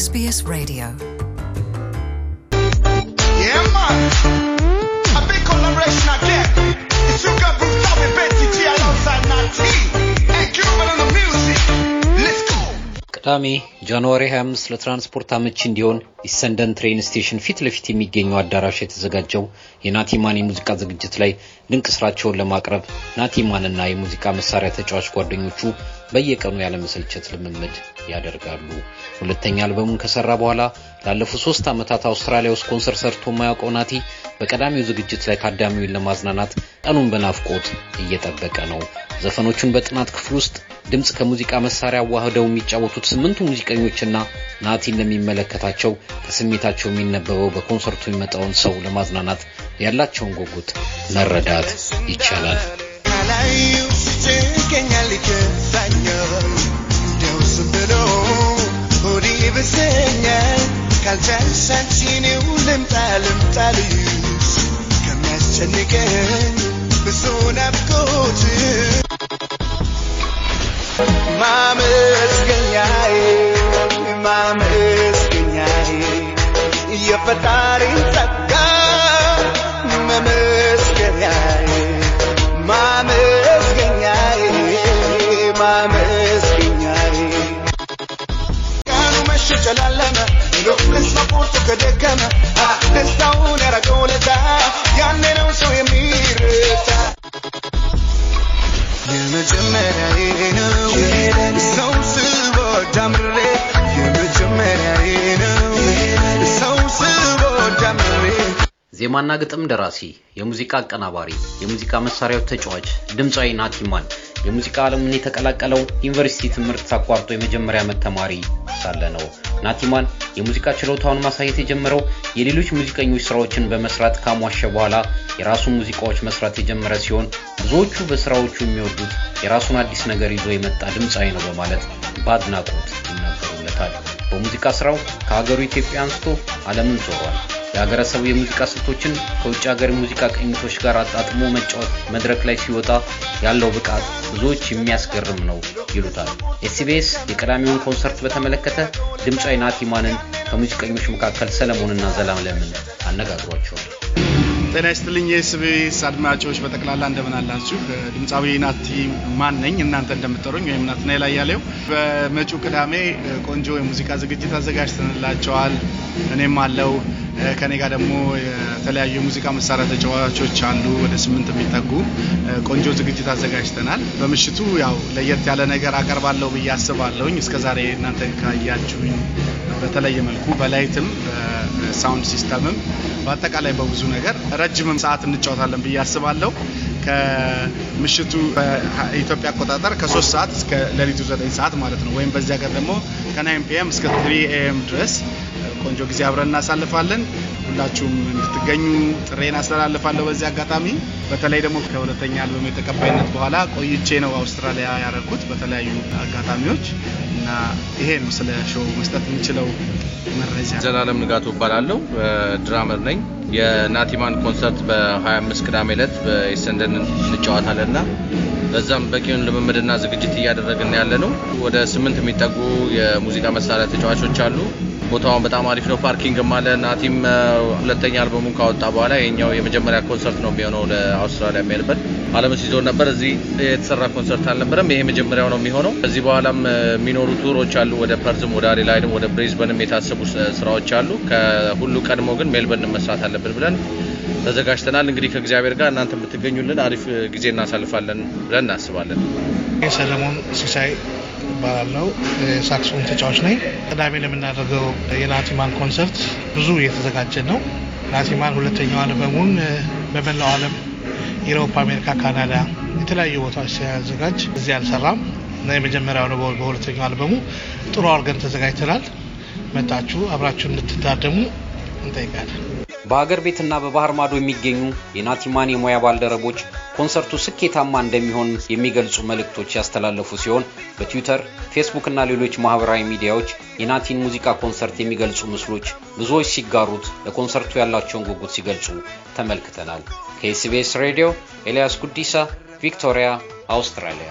SBS Radio. Yeah, man. ቅዳሜ ጃንዋሪ 25 ለትራንስፖርት አመቺ እንዲሆን ኢሰንደን ትሬን ስቴሽን ፊት ለፊት የሚገኘው አዳራሽ የተዘጋጀው የናቲማን የሙዚቃ ዝግጅት ላይ ድንቅ ስራቸውን ለማቅረብ ናቲማንና የሙዚቃ መሳሪያ ተጫዋች ጓደኞቹ በየቀኑ ያለመሰልቸት ልምምድ ያደርጋሉ። ሁለተኛ አልበሙን ከሰራ በኋላ ላለፉት ሶስት ዓመታት አውስትራሊያ ውስጥ ኮንሰርት ሰርቶ የማያውቀው ናቲ በቀዳሚው ዝግጅት ላይ ታዳሚውን ለማዝናናት ቀኑን በናፍቆት እየጠበቀ ነው። ዘፈኖቹን በጥናት ክፍል ውስጥ ድምፅ ከሙዚቃ መሳሪያ ዋህደው የሚጫወቱት ስምንቱ ሙዚቀኞችና ናቲ እንደሚመለከታቸው ከስሜታቸው የሚነበበው በኮንሰርቱ የሚመጣውን ሰው ለማዝናናት ያላቸውን ጉጉት መረዳት ይቻላል። ዜማና ግጥም ደራሲ፣ የሙዚቃ አቀናባሪ፣ የሙዚቃ መሳሪያዎች ተጫዋች ድምፃዊ ናቲማን የሙዚቃ ዓለምን የተቀላቀለው ዩኒቨርሲቲ ትምህርት አቋርጦ የመጀመሪያ ዓመት ተማሪ ሳለ ነው። ናቲማን የሙዚቃ ችሎታውን ማሳየት የጀመረው የሌሎች ሙዚቀኞች ስራዎችን በመስራት ካሟሸ በኋላ የራሱ ሙዚቃዎች መስራት የጀመረ ሲሆን ብዙዎቹ በስራዎቹ የሚወዱት የራሱን አዲስ ነገር ይዞ የመጣ ድምፃዊ ነው በማለት በአድናቆት ይናገሩለታል። በሙዚቃ ስራው ከሀገሩ ኢትዮጵያ አንስቶ ዓለምን ዞሯል። የሀገረሰቡ የሙዚቃ ስልቶችን ከውጭ ሀገር ሙዚቃ ቅኝቶች ጋር አጣጥሞ መጫወት መድረክ ላይ ሲወጣ ያለው ብቃት ብዙዎች የሚያስገርም ነው ይሉታል። ኤስቢኤስ የቀዳሚውን ኮንሰርት በተመለከተ ድምፃዊ ናቲማንን ከሙዚቀኞች መካከል ሰለሞንና ዘላለምን አነጋግሯቸዋል። ጤና ይስጥልኝ የኤስቢኤስ አድማጮች በጠቅላላ እንደምን አላችሁ? ድምፃዊ ናቲ ማን ነኝ እናንተ እንደምትጠሩኝ ወይም ናትናኤል አያሌው። በመጪው ቅዳሜ ቆንጆ የሙዚቃ ዝግጅት አዘጋጅተንላቸዋል። እኔም አለው ከኔ ጋር ደግሞ የተለያዩ የሙዚቃ መሳሪያ ተጫዋቾች አሉ፣ ወደ ስምንት የሚጠጉ ቆንጆ ዝግጅት አዘጋጅተናል። በምሽቱ ያው ለየት ያለ ነገር አቀርባለሁ ብዬ አስባለሁኝ። እስከዛሬ እናንተ ካያችሁኝ በተለየ መልኩ በላይትም በሳውንድ ሲስተምም በአጠቃላይ በብዙ ነገር ረጅምም ሰዓት እንጫወታለን ብዬ አስባለሁ። ከምሽቱ በኢትዮጵያ አቆጣጠር ከሶስት ሰዓት እስከ ሌሊቱ ዘጠኝ ሰዓት ማለት ነው። ወይም በዚህ ሀገር ደግሞ ከናይን ፒኤም እስከ ትሪ ኤኤም ድረስ ቆንጆ ጊዜ አብረን እናሳልፋለን። ሁላችሁም እንድትገኙ ጥሬን አስተላልፋለሁ። በዚህ አጋጣሚ በተለይ ደግሞ ከሁለተኛ አልበም የተቀባይነት በኋላ ቆይቼ ነው አውስትራሊያ ያደረኩት በተለያዩ አጋጣሚዎች እና ይሄን ነው ስለ ሾው መስጠት የምችለው መረጃ። ዘላለም ንጋቱ እባላለሁ፣ ድራመር ነኝ። የናቲማን ኮንሰርት በ25 ቅዳሜ ዕለት በኢሰንደን ና በዛም በቂውን ልምምድና ዝግጅት እያደረግን ያለ ነው። ወደ ስምንት የሚጠጉ የሙዚቃ መሳሪያ ተጫዋቾች አሉ። ቦታውን በጣም አሪፍ ነው። ፓርኪንግም አለ። ናቲም ሁለተኛ አልበሙን ካወጣ በኋላ ይሄኛው የመጀመሪያ ኮንሰርት ነው የሚሆነው ለአውስትራሊያ የሚሄድበት። አለም ሲዞን ነበር። እዚህ የተሰራ ኮንሰርት አልነበረም። ይሄ መጀመሪያው ነው የሚሆነው። ከዚህ በኋላም የሚኖሩ ቱሮች አሉ። ወደ ፐርዝም፣ ወደ አዴላይድም፣ ወደ ብሪዝበንም የታሰቡ ስራዎች አሉ። ከሁሉ ቀድሞ ግን ሜልበርን መስራት አለብን ብለን ተዘጋጅተናል። እንግዲህ ከእግዚአብሔር ጋር እናንተ ትገኙልን አሪፍ ጊዜ እናሳልፋለን ብለን እናስባለን። ሰለሞን ሲሳይ እባላለሁ። ሳክስፎን ተጫዋች ነኝ። ቅዳሜ ለምናደርገው የናቲማን ኮንሰርት ብዙ እየተዘጋጀ ነው። ናቲማን ሁለተኛው አልበሙን በመላው ዓለም ኢሮፓ፣ አሜሪካ፣ ካናዳ የተለያዩ ቦታዎች ሲያዘጋጅ እዚህ አልሰራም እና የመጀመሪያው ነው። በሁለተኛው አልበሙ ጥሩ አድርገን ተዘጋጅተናል። መጣችሁ አብራችሁ እንድትታደሙ እንጠይቃለን። በሀገር ቤትና በባህር ማዶ የሚገኙ የናቲማን የሙያ ባልደረቦች ኮንሰርቱ ስኬታማ እንደሚሆን የሚገልጹ መልእክቶች ያስተላለፉ ሲሆን በትዊተር፣ ፌስቡክ እና ሌሎች ማህበራዊ ሚዲያዎች የናቲን ሙዚቃ ኮንሰርት የሚገልጹ ምስሎች ብዙዎች ሲጋሩት ለኮንሰርቱ ያላቸውን ጉጉት ሲገልጹ ተመልክተናል። ከኤስቢኤስ ሬዲዮ ኤልያስ ጉዲሳ፣ ቪክቶሪያ፣ አውስትራሊያ